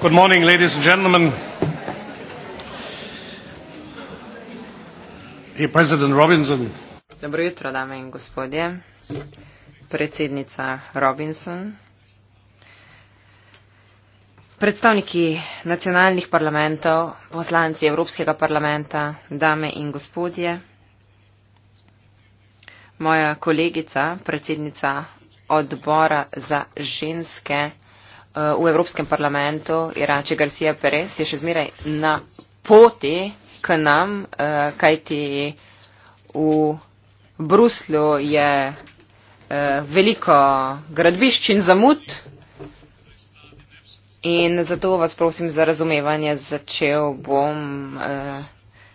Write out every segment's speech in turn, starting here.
good morning ladies and gentlemen dear president robinson dobro jutro dame in gospodje predsednica robinson predstavniki nacionalnih parlamentov poslanci evropskega parlamenta dame in gospodje moja kolegica predsednica odbora za ženske v Evropskem parlamentu, Irače Garcia Perez, je še zmeraj na poti k nam, eh, kajti v Bruslju je eh, veliko gradbišč in zamud. In zato vas prosim za razumevanje, začel bom eh,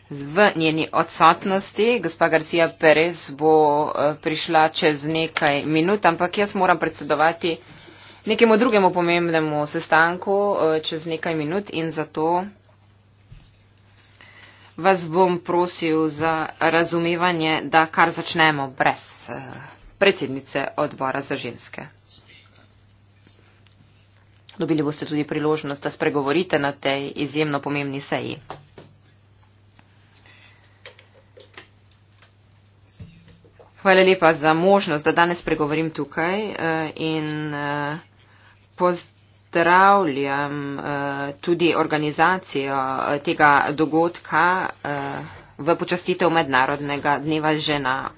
v njeni odsotnosti. Gospa Garcia Perez bo prišla čez nekaj minut, ampak jaz moram predsedovati nekemu drugemu pomembnemu sestanku eh, čez nekaj minut in zato vas bom prosil za razumevanje, da kar začnemo brez eh, predsednice odbora za ženske. Dobili boste tudi priložnost, da spregovorite na tej izjemno pomembni seji. Hvala lepa za možnost, da danes pregovorim tukaj eh, in pozdravljam eh, tudi organizacijo eh, tega dogodka eh, v počastitev Mednarodnega dneva žena,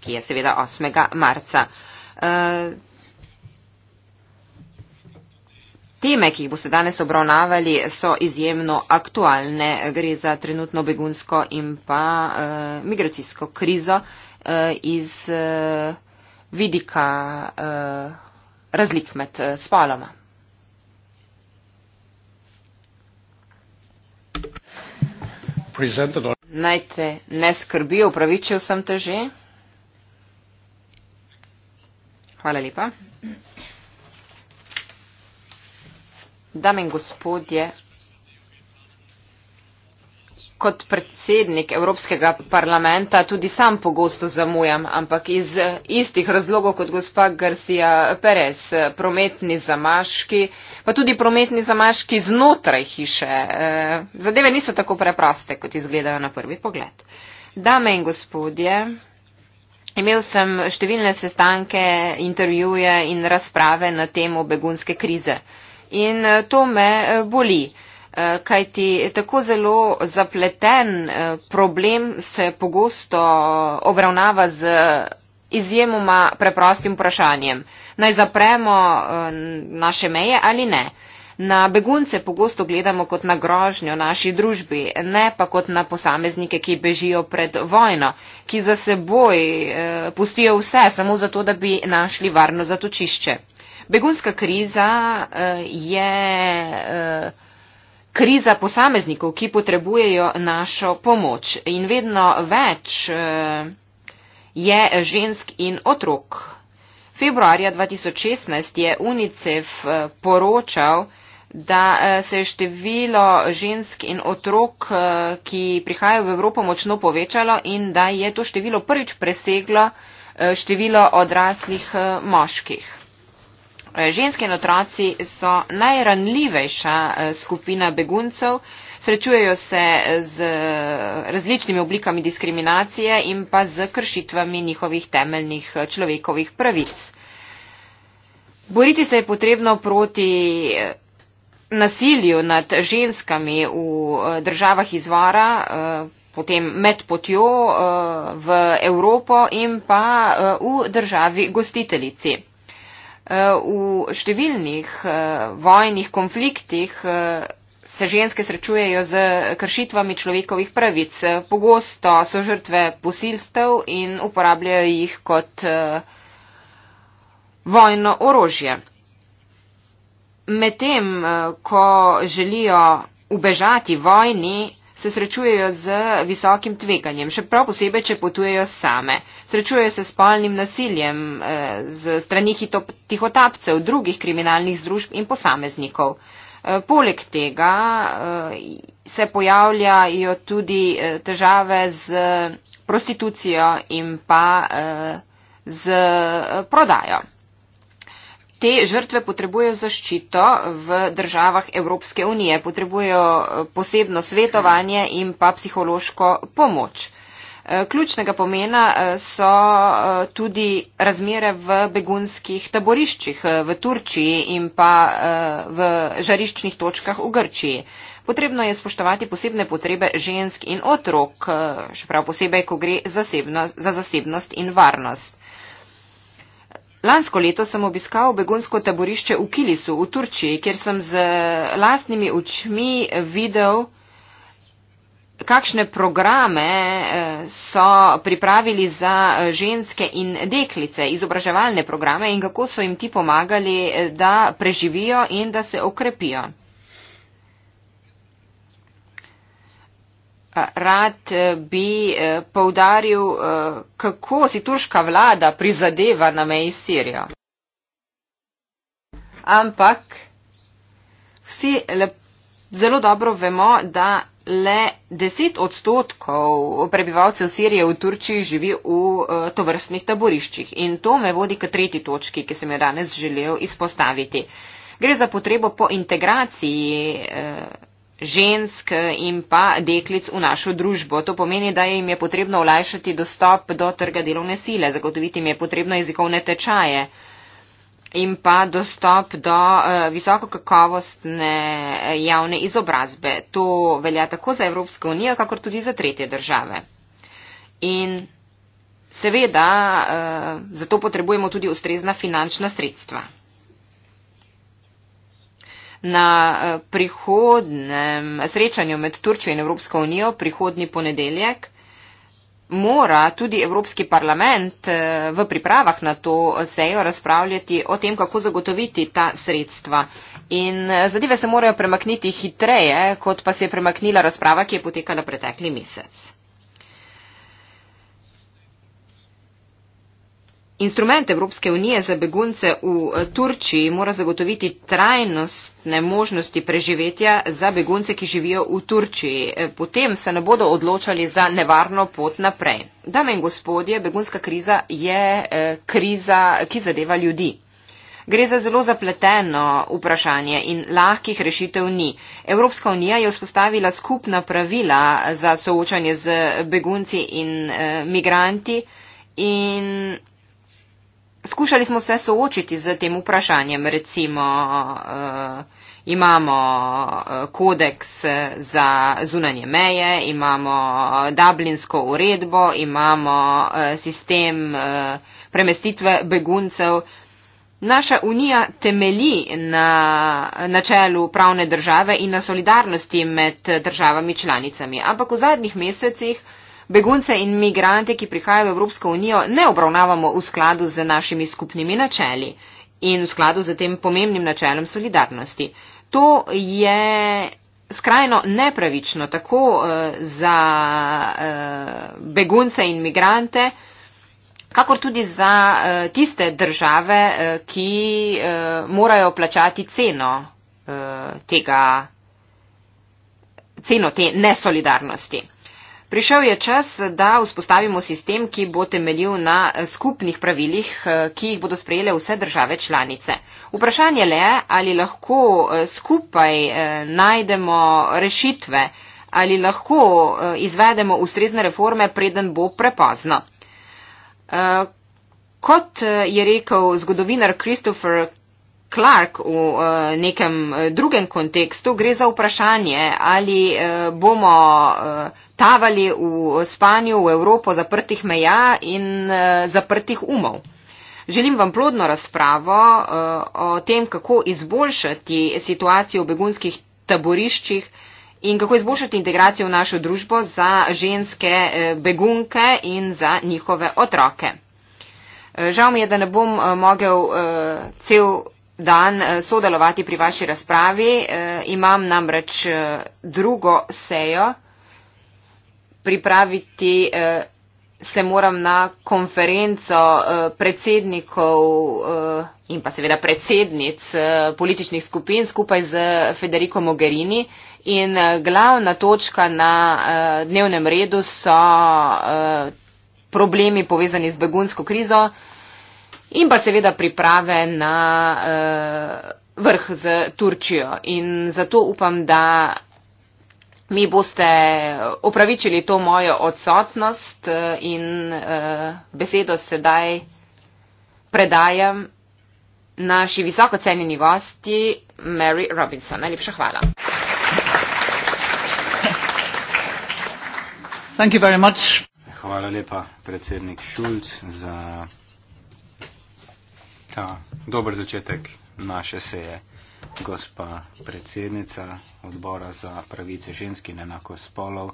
ki je seveda 8. marca. Teme, ki jih boste danes obravnavali, so izjemno aktualne. Gre za trenutno begunsko in pa uh, migracijsko krizo uh, iz uh, vidika uh, razlik med eh, spoloma. Naj te ne skrbi, upravičil sem te že. Hvala lepa. Dame in gospodje, kot predsednik Evropskega parlamenta tudi sam pogosto zamujam, ampak iz istih razlogov kot gospa Garcia Perez, prometni zamaški, pa tudi prometni zamaški znotraj hiše. Eh, zadeve niso tako preproste, kot izgledajo na prvi pogled. Dame in gospodje, imel sem številne sestanke, intervjuje in razprave na temo begunske krize. In eh, to me eh, boli. Eh, kajti tako zelo zapleten eh, problem se pogosto obravnava z izjemoma preprostim vprašanjem. Naj zapremo eh, naše meje ali ne? Na begunce pogosto gledamo kot na grožnjo naši družbi, ne pa kot na posameznike, ki bežijo pred vojno, ki za seboj pustijo vse samo zato, da bi našli varno zatočišče. Begunska kriza je kriza posameznikov, ki potrebujejo našo pomoč. In vedno več eh, je žensk in otrok. Februarja 2016 je UNICEF eh, poročal, da eh, se je število žensk in otrok, ki prihajajo v Evropo, močno povečalo in da je to število prvič preseglo število odraslih moških. Eh, ženske in otroci so najranljivejša eh, skupina beguncev, srečujejo se eh, z različnimi oblikami diskriminacije in pa z kršitvami njihovih temeljnih človekovih pravic. Boriti se je potrebno proti nasilju nad ženskami v državah izvora, potem med potjo v Evropo in pa v državi gostiteljici. Eh, v številnih eh, vojnih konfliktih eh, se ženske srečujejo z kršitvami človekovih pravic. Pogosto so žrtve posilstev in uporabljajo jih kot vojno orožje. Medtem, ko želijo ubežati vojni, se srečujejo z visokim tveganjem, še prav posebej, če potujejo same. Srečujejo se s spolnim nasiljem, eh, z strani tihotapcev, drugih kriminalnih združb in posameznikov. Eh, poleg tega eh, se pojavljajo tudi težave z prostitucijo in pa z prodajo te žrtve potrebujejo zaščito v državah Evropske unije, potrebujejo eh, posebno svetovanje in pa psihološko pomoč. Eh, ključnega pomena eh, so tudi razmere v begunskih taboriščih v Turčiji in pa v žariščnih točkah v Grčiji. Potrebno je spoštovati posebne potrebe žensk in otrok, še prav posebej, ko gre zasebnost, za zasebnost in varnost. Lansko leto sem obiskal begunsko taborišče v Kilisu v Turčiji, kjer sem z lastnimi očmi videl, kakšne programe eh, so pripravili za eh, ženske in deklice, izobraževalne programe in kako so jim ti pomagali, eh, da preživijo in da se okrepijo. Rad eh, bi eh, poudaril, eh, kako si turška vlada prizadeva na meji s Sirijo. Ampak vsi zelo dobro vemo, da le 10 odstotkov prebivalcev Sirije v Turčiji živi v tovrstnih taboriščih. In to me vodi k tretji točki, ki sem jo danes želel izpostaviti. Gre za potrebo po integraciji. Eh, žensk in pa deklic v našo družbo. To pomeni, da jim je potrebno olajšati dostop do trga delovne sile, zagotoviti jim je potrebno jezikovne tečaje in pa dostop do uh, eh, visoko kakovostne eh, javne izobrazbe. To velja tako za Evropsko unijo, kakor tudi za tretje države. In seveda, uh, eh, zato potrebujemo tudi ustrezna finančna sredstva na eh, prihodnem srečanju med Turčijo in Evropsko unijo prihodni ponedeljek mora tudi Evropski parlament eh, v pripravah na to sejo razpravljati o tem, kako zagotoviti ta sredstva. In eh, zadeve se morajo premakniti hitreje, kot pa se je premaknila razprava, ki je potekala pretekli mesec. Instrument Evropske unije za begunce v eh, Turčiji mora zagotoviti trajnostne možnosti preživetja za begunce, ki živijo v Turčiji. Eh, potem se ne bodo odločali za nevarno pot naprej. Dame in gospodje, begunska kriza je eh, kriza, ki zadeva ljudi. Gre za zelo zapleteno vprašanje in lahkih rešitev ni. Evropska unija je vzpostavila skupna pravila za soočanje z begunci in e, migranti in skušali smo se soočiti z tem vprašanjem, recimo uh, imamo eh, kodeks eh, za zunanje meje, imamo dublinsko uredbo, imamo uh, sistem uh, premestitve beguncev. Naša unija temeli na načelu pravne države in na solidarnosti med državami članicami, ampak v zadnjih mesecih Begunce in migrante, ki prihajajo v Evropsko unijo, ne obravnavamo v skladu z našimi skupnimi načeli in v skladu z tem pomembnim načelom solidarnosti. To je skrajno nepravično tako eh, za eh, begunce in migrante, kakor tudi za eh, tiste države, ki morajo plačati ceno tega, ceno te nesolidarnosti. Prišel je čas, da vzpostavimo sistem, ki bo temeljil na eh, skupnih pravilih, eh, ki jih bodo sprejele vse države članice. Vprašanje le je, ali lahko eh, skupaj najdemo rešitve, ali lahko izvedemo ustrezne reforme, preden bo prepozno. Kot je rekel zgodovinar Christopher Clark v eh, nekem eh, drugem kontekstu, gre za vprašanje, ali eh, bomo tavali v spanju v Evropo zaprtih meja in zaprtih umov. Želim vam plodno razpravo o tem, kako izboljšati situacijo v begunskih taboriščih in kako izboljšati integracijo v našo družbo za ženske begunke in za njihove otroke. Žal mi je, da ne bom mogel cel dan eh, sodelovati pri vaši razpravi. Eh, imam namreč eh, drugo sejo. Pripraviti se moram na konferenco predsednikov in pa seveda predsednic političnih skupin skupaj z Federico Mogherini. In glavna točka na dnevnem redu so problemi povezani z begunsko krizo in pa seveda priprave na uh, vrh z Turčijo. In zato upam, da mi boste upravičili to mojo odsotnost eh, in uh, besedo sedaj predajam naši visoko cenjeni gosti Mary Robinson. Najlepša hvala. Hvala lepa, predsednik Šulc, za ta dober začetek naše seje. Gospa predsednica odbora za pravice ženski in enako spolov,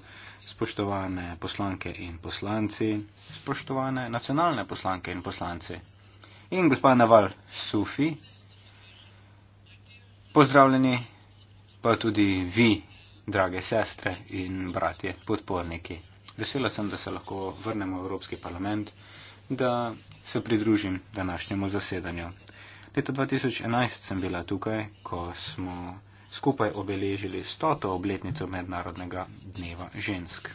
spoštovane poslanke in poslanci, spoštovane nacionalne poslanke in poslanci in gospa Naval Sufi, pozdravljeni pa tudi vi, drage sestre in bratje, podporniki. Vesela sem, da se lahko vrnemo v Evropski parlament da se pridružim današnjemu zasedanju. Leta 2011 sem bila tukaj, ko smo skupaj obeležili stoto obletnico Mednarodnega dneva žensk.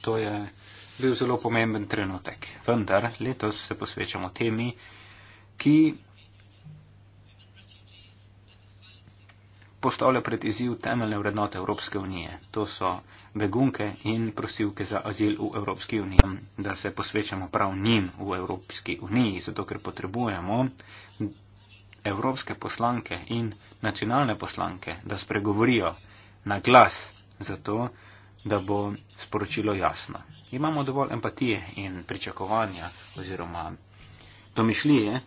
To je bil zelo pomemben trenutek. Vendar letos se posvečamo temi, ki postavlja pred izziv temeljne vrednote Evropske unije. To so begunke in prosilke za azil v Evropski uniji. Da se posvečamo prav njim v Evropski uniji, zato ker potrebujemo evropske poslanke in nacionalne poslanke, da spregovorijo na glas za to, da bo sporočilo jasno. Imamo dovolj empatije in pričakovanja oziroma domišljije,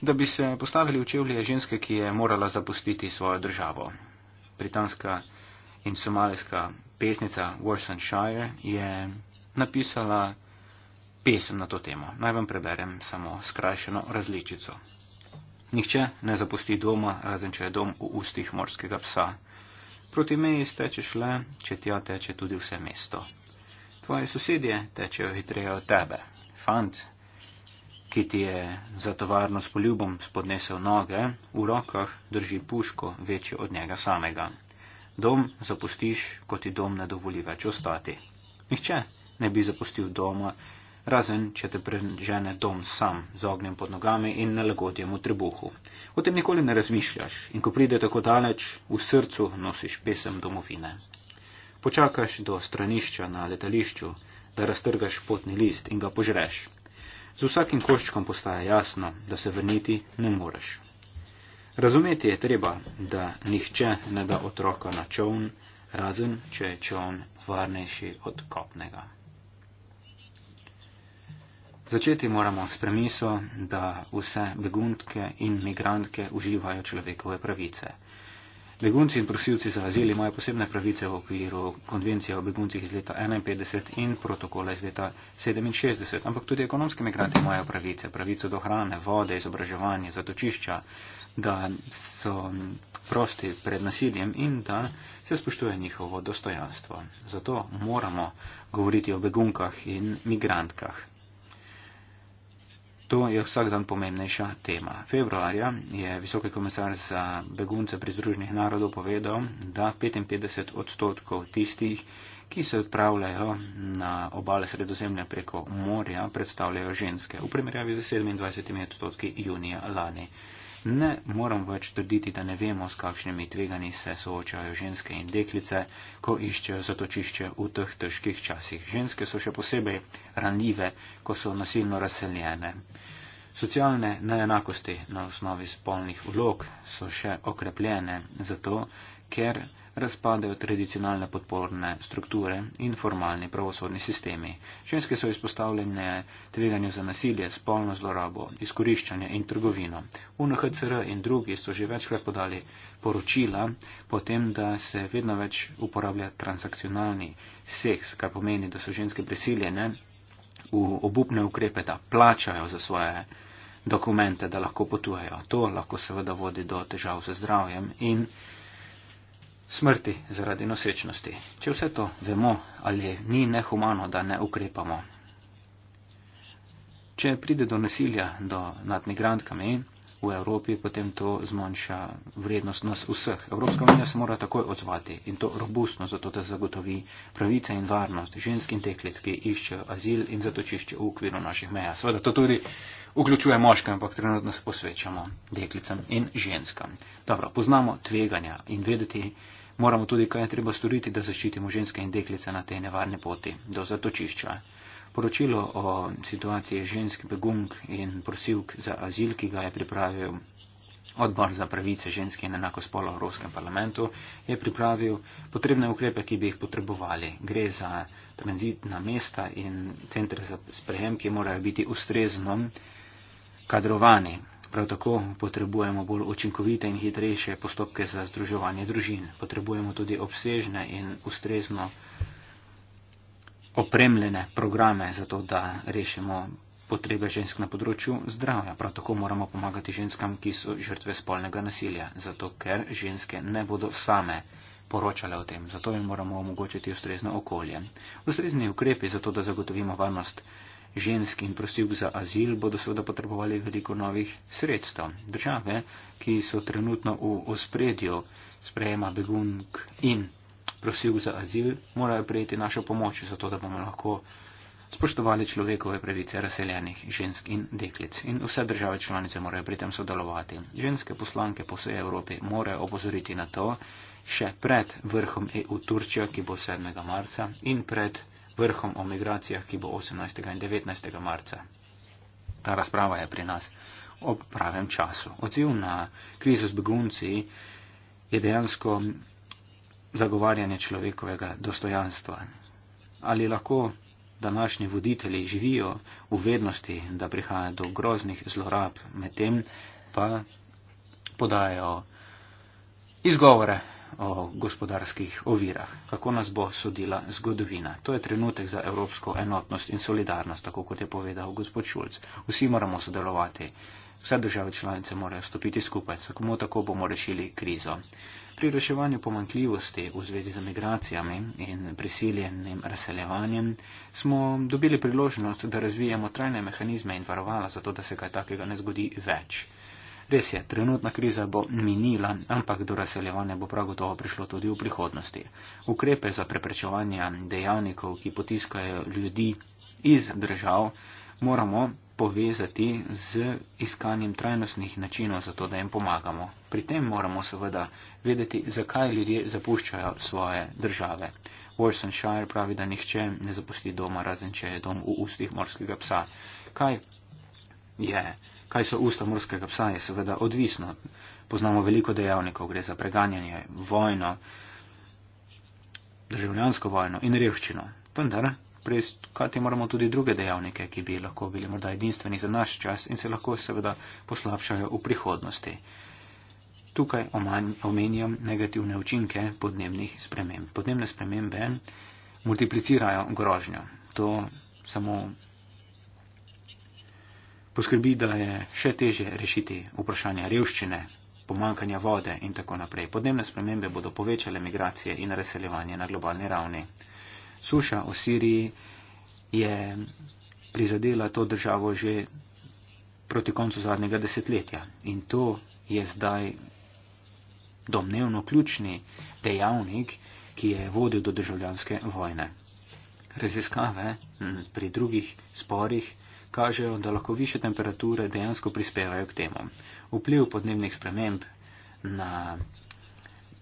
da bi se postavili v čevlje ženske, ki je morala zapustiti svojo državo. Britanska in somalijska pesnica Warson Shire je napisala pesem na to temo. Naj vam preberem samo skrajšeno različico. Nihče ne zapusti doma, razen če je dom v ustih morskega psa. Proti meji stečeš le, če tja teče tudi vse mesto. Tvoje sosedje tečejo hitreje od tebe. Fant, ki ti je za tovarno s poljubom spodnesel noge, v rokah drži puško večjo od njega samega. Dom zapustiš, ko ti dom ne dovoli več ostati. Nihče ne bi zapustil doma, razen če te prežene dom sam z ognjem pod nogami in nelagodjem v trebuhu. O tem nikoli ne razmišljaš in ko pride tako daleč, v srcu nosiš pesem domovine. Počakaš do stranišča na letališču, da raztrgaš potni list in ga požreš. Z vsakim koščkom postaja jasno, da se vrniti ne moreš. Razumeti je treba, da nihče ne da otroka na čovn, razen če je čovn varnejši od kopnega. Začeti moramo s premiso, da vse beguntke in migrantke uživajo človekove pravice. Begunci in prosilci za azil imajo posebne pravice v okviru konvencije o beguncih iz leta 51 in protokola iz leta 67, ampak tudi ekonomski migranti imajo pravice, pravico do hrane, vode, izobraževanja, zatočišča, da so prosti pred nasiljem in da se spoštuje njihovo dostojanstvo. Zato moramo govoriti o begunkah in migrantkah. To je vsak dan pomembnejša tema. Februarja je visoki komisar za begunce pri Združenih narodov povedal, da 55 odstotkov tistih, ki se odpravljajo na obale sredozemlja preko morja, predstavljajo ženske, v primerjavi z 27 odstotki junija lani. Ne moram več trditi, da ne vemo, s kakšnimi tveganji se soočajo ženske in deklice, ko iščejo zatočišče v teh težkih časih. Ženske so še posebej ranljive, ko so nasilno razseljene. Socialne neenakosti na osnovi spolnih vlog so še okrepljene zato, ker razpadajo tradicionalne podporne strukture in formalni pravosodni sistemi. Ženske so izpostavljene tveganju za nasilje, spolno zlorabo, izkoriščanje in trgovino. UNHCR in drugi so že večkrat podali poročila po tem, da se vedno več uporablja transakcionalni seks, kar pomeni, da so ženske prisiljene v obupne ukrepe, da plačajo za svoje dokumente, da lahko potujejo. To lahko seveda vodi do težav z zdravjem in smrti zaradi nosečnosti. Če vse to vemo, ali ni nehumano, da ne ukrepamo. Če pride do nasilja do nad migrantkami v Evropi, potem to zmanjša vrednost nas vseh. Evropska unija se mora takoj odzvati in to robustno, zato da zagotovi pravice in varnost žensk in deklic, ki iščejo azil in zatočišče v okviru naših meja. Seveda to tudi vključuje moške, ampak trenutno se posvečamo deklicam in ženskam. Dobro, poznamo tveganja in vedeti, moramo tudi kaj je treba storiti, da zaščitimo ženske in deklice na tej nevarni poti do zatočišča. Poročilo o situaciji žensk begunk in prosilk za azil, ki ga je pripravil odbor za pravice ženske in enako spolo v Evropskem parlamentu, je pripravil potrebne ukrepe, ki bi jih potrebovali. Gre za tranzitna mesta in centre za sprejem, ki morajo biti ustrezno kadrovani. Prav tako potrebujemo bolj učinkovite in hitrejše postopke za združevanje družin. Potrebujemo tudi obsežne in ustrezno opremljene programe za to, da rešimo potrebe žensk na področju zdravja. Prav tako moramo pomagati ženskam, ki so žrtve spolnega nasilja, zato ker ženske ne bodo same poročale o tem. Zato jim moramo omogočiti ustrezno okolje. Ustrezni ukrepi za to, da zagotovimo varnost žensk in prosilk za azil, bodo seveda potrebovali veliko novih sredstev. Države, ki so trenutno v ospredju sprejema begunk in prosilk za azil, morajo prejeti našo pomoč, zato da bomo lahko spoštovali človekove pravice razseljenih žensk in deklic. In vse države članice morajo pri tem sodelovati. Ženske poslanke po vsej Evropi morajo opozoriti na to, še pred vrhom EU Turčija, ki bo 7. marca, in pred vrhom o migracijah, ki bo 18. in 19. marca. Ta razprava je pri nas ob pravem času. Odziv na krizo z begunci je dejansko zagovarjanje človekovega dostojanstva. Ali lahko današnji voditelji živijo v vednosti, da prihaja do groznih zlorab, medtem pa podajo izgovore o gospodarskih ovirah, kako nas bo sodila zgodovina. To je trenutek za evropsko enotnost in solidarnost, tako kot je povedal gospod Šulc. Vsi moramo sodelovati, vse države članice morajo stopiti skupaj, samo tako bomo rešili krizo. Pri reševanju pomankljivosti v zvezi z migracijami in prisiljenim razseljevanjem smo dobili priložnost, da razvijamo trajne mehanizme in varovala za to, da se kaj takega ne zgodi več. Res je, trenutna kriza bo minila, ampak do razseljevanja bo prav gotovo prišlo tudi v prihodnosti. Ukrepe za preprečevanje dejavnikov, ki potiskajo ljudi iz držav, moramo povezati z iskanjem trajnostnih načinov za to, da jim pomagamo. Pri tem moramo seveda vedeti, zakaj ljudje zapuščajo svoje države. Wilson Shire pravi, da nihče ne zapusti doma, razen če je dom v ustih morskega psa. Kaj je? Yeah. Kaj so usta morskega psa, je seveda odvisno. Poznamo veliko dejavnikov, gre za preganjanje, vojno, državljansko vojno in revščino. Vendar preiskati moramo tudi druge dejavnike, ki bi lahko bili morda edinstveni za naš čas in se lahko seveda poslabšajo v prihodnosti. Tukaj omenjam negativne učinke podnebnih sprememb. Podnebne spremembe multiplicirajo grožnjo. To samo poskrbi, da je še teže rešiti vprašanje revščine, pomankanja vode in tako naprej. Podnebne spremembe bodo povečale migracije in razseljevanje na globalni ravni. Suša v Siriji je prizadela to državo že proti koncu zadnjega desetletja in to je zdaj domnevno ključni dejavnik, ki je vodil do državljanske vojne. Raziskave pri drugih sporih kažejo, da lahko više temperature dejansko prispevajo k temu. Vpliv podnebnih sprememb na,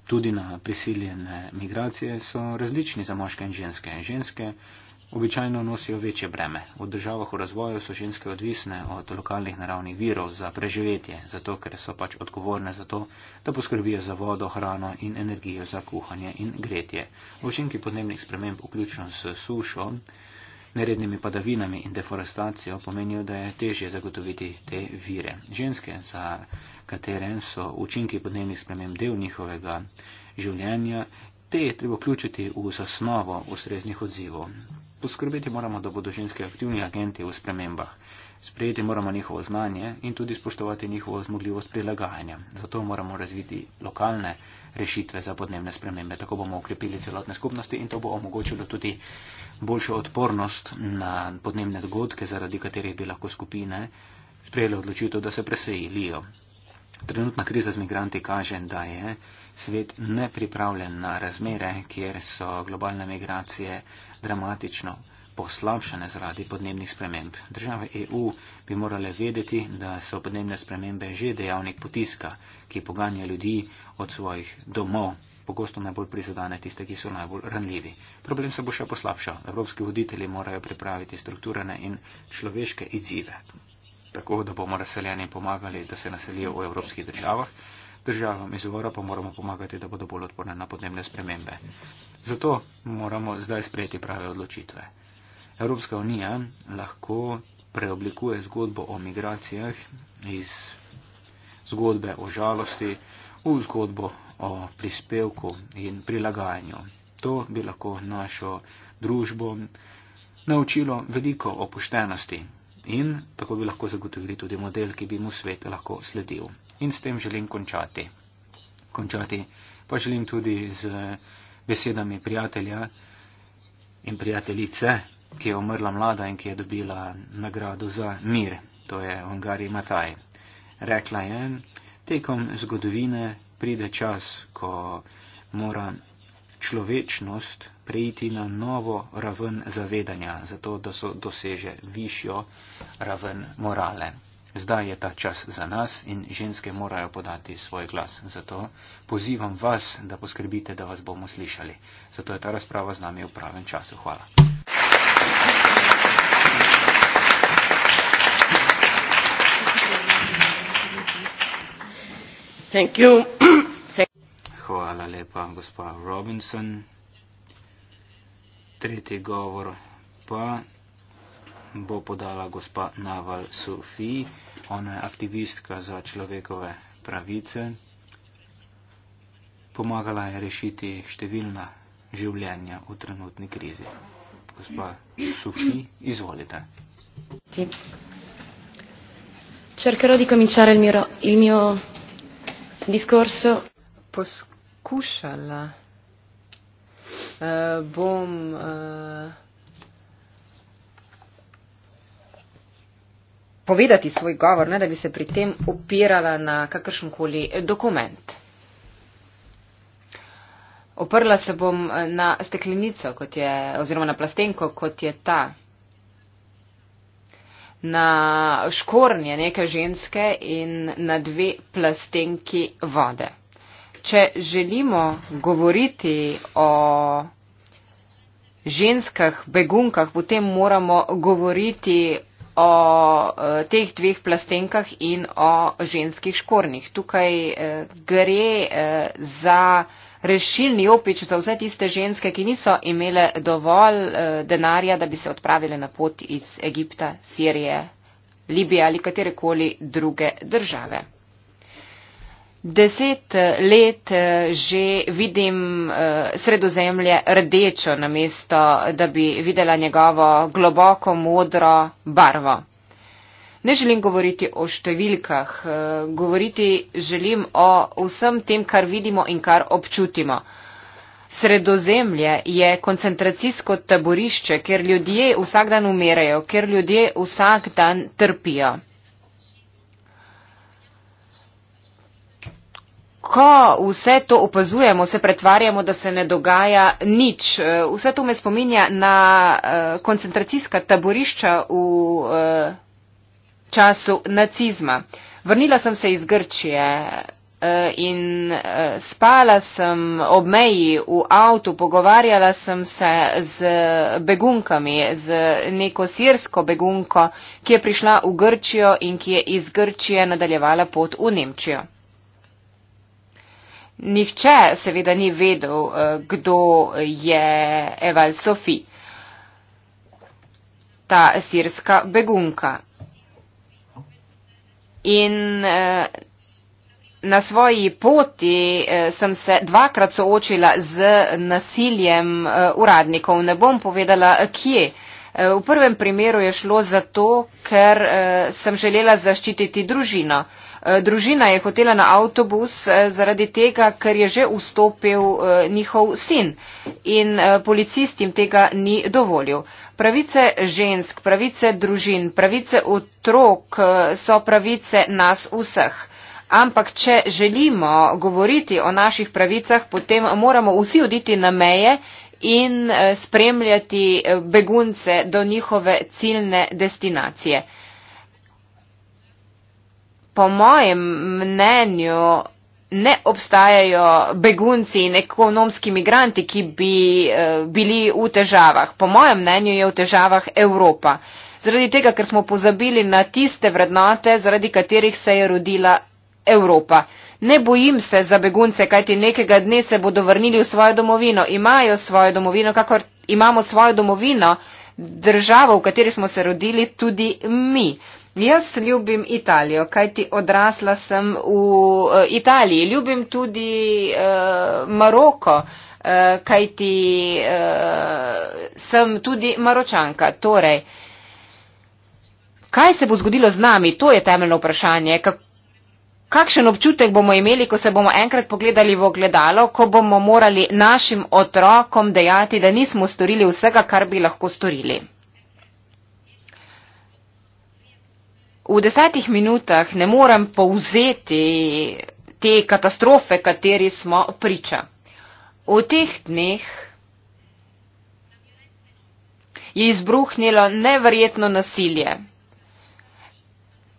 tudi na prisiljene migracije so različni za moške in ženske. ženske Običajno nosijo večje breme. V državah v razvoju so ženske odvisne od lokalnih naravnih virov za preživetje, zato ker so pač odgovorne za to, da poskrbijo za vodo, hrano in energijo za kuhanje in gretje. Učinki podnebnih sprememb, vključno s sušo, Nerednimi padavinami in deforestacijo pomenijo, da je težje zagotoviti te vire. Ženske, za katere so učinki podnebnih sprememb del njihovega življenja, te je treba vključiti v zasnovo ustreznih odzivov. Poskrbeti moramo, da bodo ženske aktivni agenti v spremembah. Sprejeti moramo njihovo znanje in tudi spoštovati njihovo zmogljivost prilagajanja. Zato moramo razviti lokalne rešitve za podnebne spremembe. Tako bomo ukrepili celotne skupnosti in to bo omogočilo tudi boljšo odpornost na podnebne dogodke, zaradi katerih bi lahko skupine sprejele odločitev, da se preselijo. Trenutna kriza z migranti kaže, da je svet nepripravljen na razmere, kjer so globalne migracije dramatično poslavšane zaradi podnebnih sprememb. Države EU bi morale vedeti, da so podnebne spremembe že dejavnik potiska, ki poganja ljudi od svojih domov. Pogosto najbolj prizadane tiste, ki so najbolj ranljivi. Problem se bo še poslabšal. Evropski voditelji morajo pripraviti strukturne in človeške izzive, tako da bomo razseljenim pomagali, da se naselijo v evropskih državah. Državam izvora pa moramo pomagati, da bodo bolj odporne na podnebne spremembe. Zato moramo zdaj sprejeti prave odločitve. Evropska unija lahko preoblikuje zgodbo o migracijah iz zgodbe o žalosti v zgodbo o prispevku in prilagajanju. To bi lahko našo družbo naučilo veliko opuštenosti in tako bi lahko zagotovili tudi model, ki bi mu svet lahko sledil. In s tem želim končati. Končati pa želim tudi z besedami prijatelja in prijateljice, ki je umrla mlada in ki je dobila nagrado za mir, to je Ongari Mataj. Rekla je, tekom zgodovine pride čas, ko mora človečnost preiti na novo raven zavedanja, zato da so doseže višjo raven morale. Zdaj je ta čas za nas in ženske morajo podati svoj glas. Zato pozivam vas, da poskrbite, da vas bomo slišali. Zato je ta razprava z nami v pravem času. Hvala. Thank you. Thank Hvala lepa, gospa Robinson. Tretji govor pa bo podala gospa Naval Sufi. Ona je aktivistka za človekove pravice. Pomagala je rešiti številna življenja v trenutni krizi. Gospa Sufi, izvolite. Cercherò di cominciare il mio, il mio diskurso. Poskušala uh, bom uh, povedati svoj govor, ne, da bi se pri tem upirala na kakršenkoli dokument. Oprla se bom eh, na steklenico, kot je, oziroma na plastenko, kot je ta na škornje neke ženske in na dve plastenki vode. Če želimo govoriti o ženskah begunkah, potem moramo govoriti o e, teh dveh plastenkah in o ženskih škornjih. Tukaj e, gre e, za rešilni opič za vse tiste ženske, ki niso imele dovolj eh, denarja, da bi se odpravile na pot iz Egipta, Sirije, Libije ali katerekoli druge države. Deset eh, let eh, že vidim sredozemlje rdečo, namesto da bi videla njegovo globoko modro barvo ne želim govoriti o številkah, eh, govoriti želim o vsem tem, kar vidimo in kar občutimo. Sredozemlje je koncentracijsko taborišče, kjer ljudje vsak dan umirajo, kjer ljudje vsak dan trpijo. Ko vse to opazujemo, se pretvarjamo, da se ne dogaja nič. Eh, vse to me spominja na eh, koncentracijska taborišča v času nacizma. Vrnila sem se iz Grčije eh, in eh, spala sem ob meji v avtu, pogovarjala sem se z begunkami, z neko sirsko begunko, ki je prišla v Grčijo in ki je iz Grčije nadaljevala pot v Nemčijo. Nihče seveda ni vedel, eh, kdo je Eval Sofi, ta sirska begunka. In uh, na svoji poti uh, sem se dvakrat soočila z nasiljem uh, uradnikov. Ne bom povedala, kje. V prvem primeru je šlo zato, ker sem želela zaščititi družino. Eh, družina je hotela na avtobus eh, zaradi tega, ker je že vstopil eh, njihov sin in policist jim tega ni dovolil. Pravice žensk, pravice družin, pravice otrok so pravice nas vseh. Ampak, če želimo govoriti o naših pravicah, potem moramo vsi oditi na meje in spremljati begunce do njihove ciljne destinacije po mojem mnenju ne obstajajo begunci in ekonomski migranti, ki bi eh, bili v težavah. Po mojem mnenju je v težavah Evropa. Zaradi tega, ker smo pozabili na tiste vrednote, zaradi katerih se je rodila Evropa. Ne bojim se za begunce, kajti nekega dne se bodo vrnili v svojo domovino. Imajo svojo domovino, kakor imamo svojo domovino, državo, v kateri smo se rodili, tudi mi. Jaz ljubim Italijo, kajti odrasla sem v eh, Italiji. Ljubim tudi uh, Maroko, uh, kajti uh, sem tudi Maročanka. Torej, kaj se bo zgodilo z nami? To je temeljno vprašanje. Kakšen občutek bomo imeli, ko se bomo enkrat pogledali v ogledalo, ko bomo morali našim otrokom dejati, da nismo storili vsega, kar bi lahko storili? V desetih minutah ne morem povzeti te katastrofe, kateri smo priča. V teh dneh je izbruhnilo neverjetno nasilje.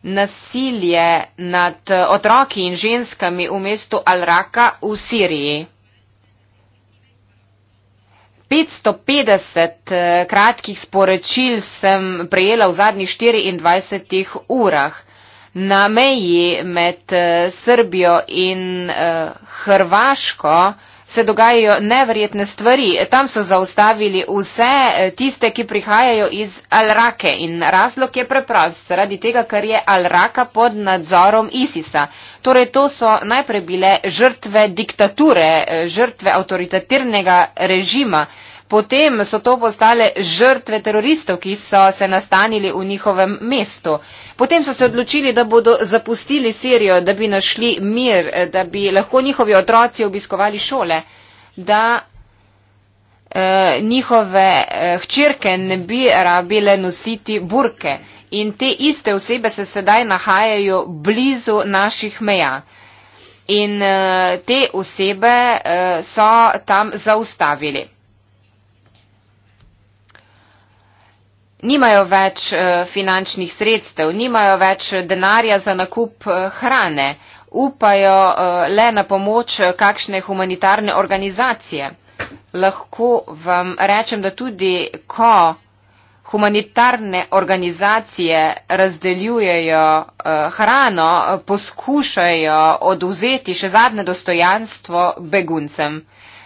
Nasilje nad otroki in ženskami v mestu Al-Raka v Siriji. 550 eh, kratkih sporočil sem prejela v zadnjih 24 urah. Na meji med eh, Srbijo in eh, Hrvaško se dogajajo neverjetne stvari. Tam so zaustavili vse eh, tiste, ki prihajajo iz Al-Rake in razlog je preprost, zaradi tega, ker je Al-Raka pod nadzorom ISISA. Torej, to so najprej bile žrtve diktature, eh, žrtve avtoritativnega režima. Potem so to postale žrtve teroristov, ki so se nastanili v njihovem mestu. Potem so se odločili, da bodo zapustili Sirijo, da bi našli mir, da bi lahko njihovi otroci obiskovali šole, da eh, njihove eh, hčerke ne bi rabile nositi burke. In te iste osebe se sedaj nahajajo blizu naših meja. In eh, te osebe eh, so tam zaustavili. nimajo več eh, finančnih sredstev, nimajo več denarja za nakup eh, hrane, upajo eh, le na pomoč kakšne humanitarne organizacije. Lahko vam rečem, da tudi ko humanitarne organizacije razdeljujejo hrano, poskušajo oduzeti še zadnje dostojanstvo beguncem.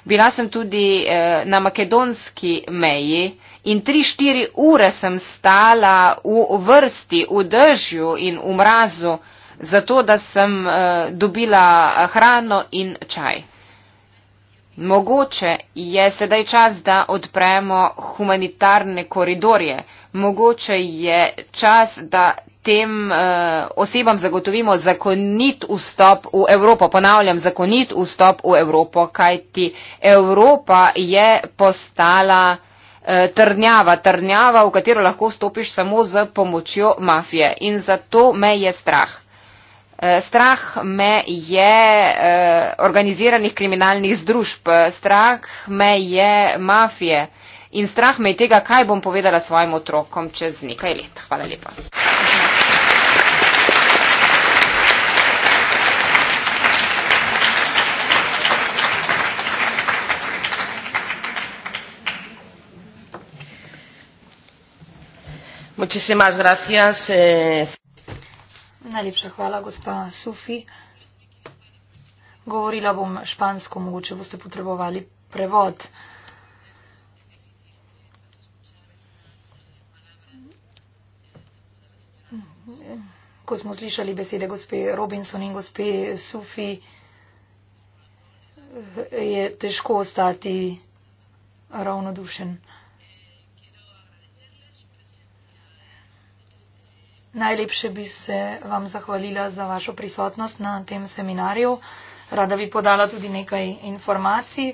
Bila sem tudi na makedonski meji, in tri, štiri ure sem stala v vrsti, v dežju in v mrazu, zato da sem uh, dobila hrano in čaj. Mogoče je sedaj čas, da odpremo humanitarne koridorje, mogoče je čas, da tem uh, osebam zagotovimo zakonit vstop v Evropo. Ponavljam, zakonit vstop v Evropo, kajti Evropa je postala. Eh, trdnjava, trdnjava, v katero lahko stopiš samo z pomočjo mafije. In zato me je strah. Eh, strah me je eh, organiziranih kriminalnih združb, strah me je mafije in strah me je tega, kaj bom povedala svojim otrokom čez nekaj let. Hvala lepa. Hvala. Muchísimas gracias. Eh... Najlepša hvala, gospa Sufi. Govorila bom špansko, mogoče boste potrebovali prevod. Ko smo slišali besede gospe Robinson in gospe Sufi, je težko ostati ravnodušen. Najlepše bi se vam zahvalila za vašo prisotnost na tem seminarju. Rada bi podala tudi nekaj informacij.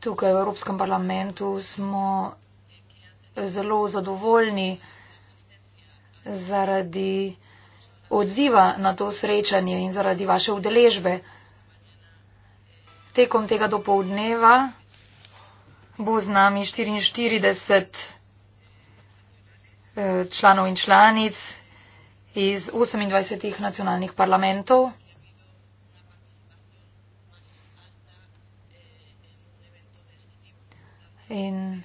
Tukaj v Evropskem parlamentu smo zelo zadovoljni zaradi odziva na to srečanje in zaradi vaše udeležbe. Tekom tega dopoldneva bo z nami 44 Eh, članov in članic iz 28 nacionalnih parlamentov. In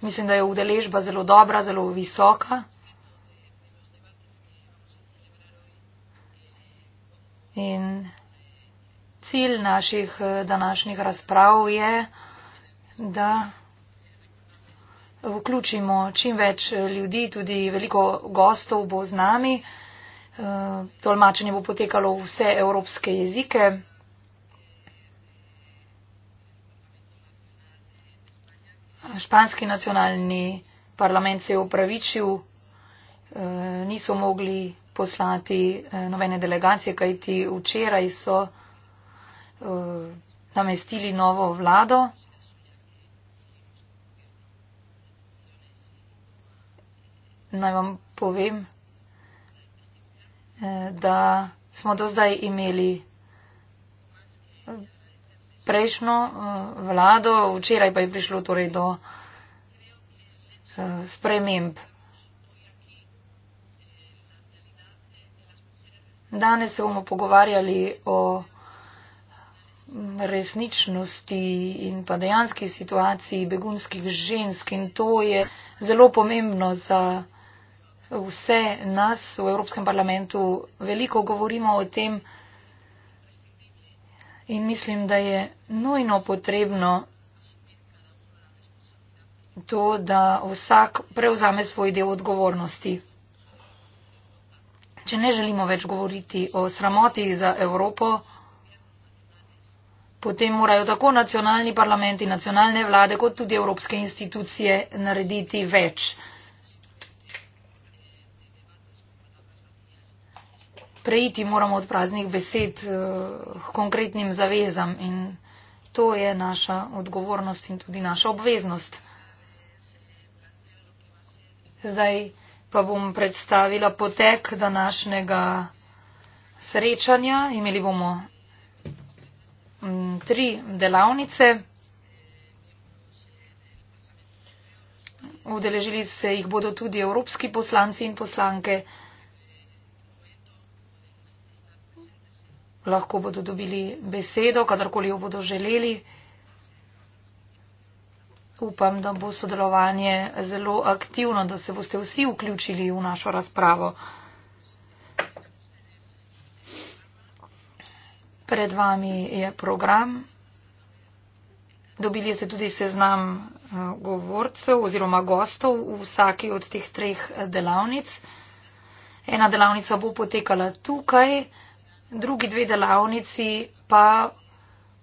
mislim, da je udeležba zelo dobra, zelo visoka. In cilj naših eh, današnjih razprav je, da vključimo čim več ljudi, tudi veliko gostov bo z nami. Eh, tolmačenje bo potekalo v vse evropske jezike. Španski nacionalni parlament se je upravičil, eh, niso mogli poslati eh, novene delegacije, kajti včeraj so namestili novo vlado. naj vam povem, eh, da smo do zdaj imeli eh, prejšnjo eh, vlado, včeraj pa je prišlo torej do sprememb. Danes se bomo pogovarjali o mm, resničnosti in pa dejanski situaciji begunskih žensk in to je zelo pomembno za vse nas v Evropskem parlamentu veliko govorimo o tem in mislim, da je nujno potrebno to, da vsak prevzame svoj del odgovornosti. Če ne želimo več govoriti o sramoti za Evropo, potem morajo tako nacionalni parlamenti, nacionalne vlade kot tudi evropske institucije narediti več. preiti moramo od praznih besed eh, k konkretnim zavezam in to je naša odgovornost in tudi naša obveznost. Zdaj pa bom predstavila potek današnjega srečanja. Imeli bomo mm, tri delavnice. Udeležili se jih bodo tudi evropski poslanci in poslanke. lahko bodo dobili besedo, kadarkoli jo bodo želeli. Upam, da bo sodelovanje zelo aktivno, da se boste vsi vključili v našo razpravo. Pred vami je program. Dobili ste tudi seznam eh, govorcev oziroma gostov v vsaki od teh treh delavnic. Ena delavnica bo potekala tukaj drugi dve delavnici pa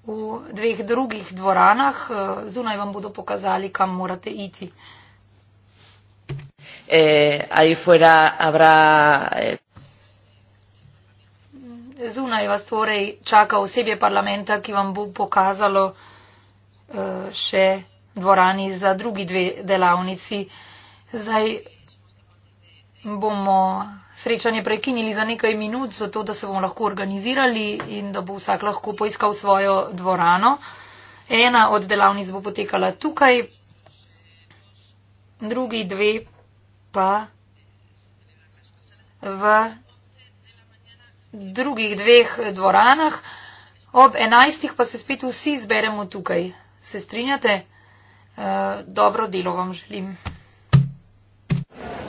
v dveh drugih dvoranah. Eh, zunaj vam bodo pokazali, kam morate iti. Eh, ahí fuera habrá. Eh. Zunaj vas torej čaka osebje parlamenta, ki vam bo pokazalo eh, še dvorani za drugi dve delavnici. Zdaj bomo srečanje prekinili za nekaj minut, zato da se bomo lahko organizirali in da bo vsak lahko poiskal svojo dvorano. Ena od delavnic bo potekala tukaj, drugi dve pa v drugih dveh dvoranah. Ob enajstih pa se spet vsi zberemo tukaj. Se strinjate? Eh, dobro delo vam želim.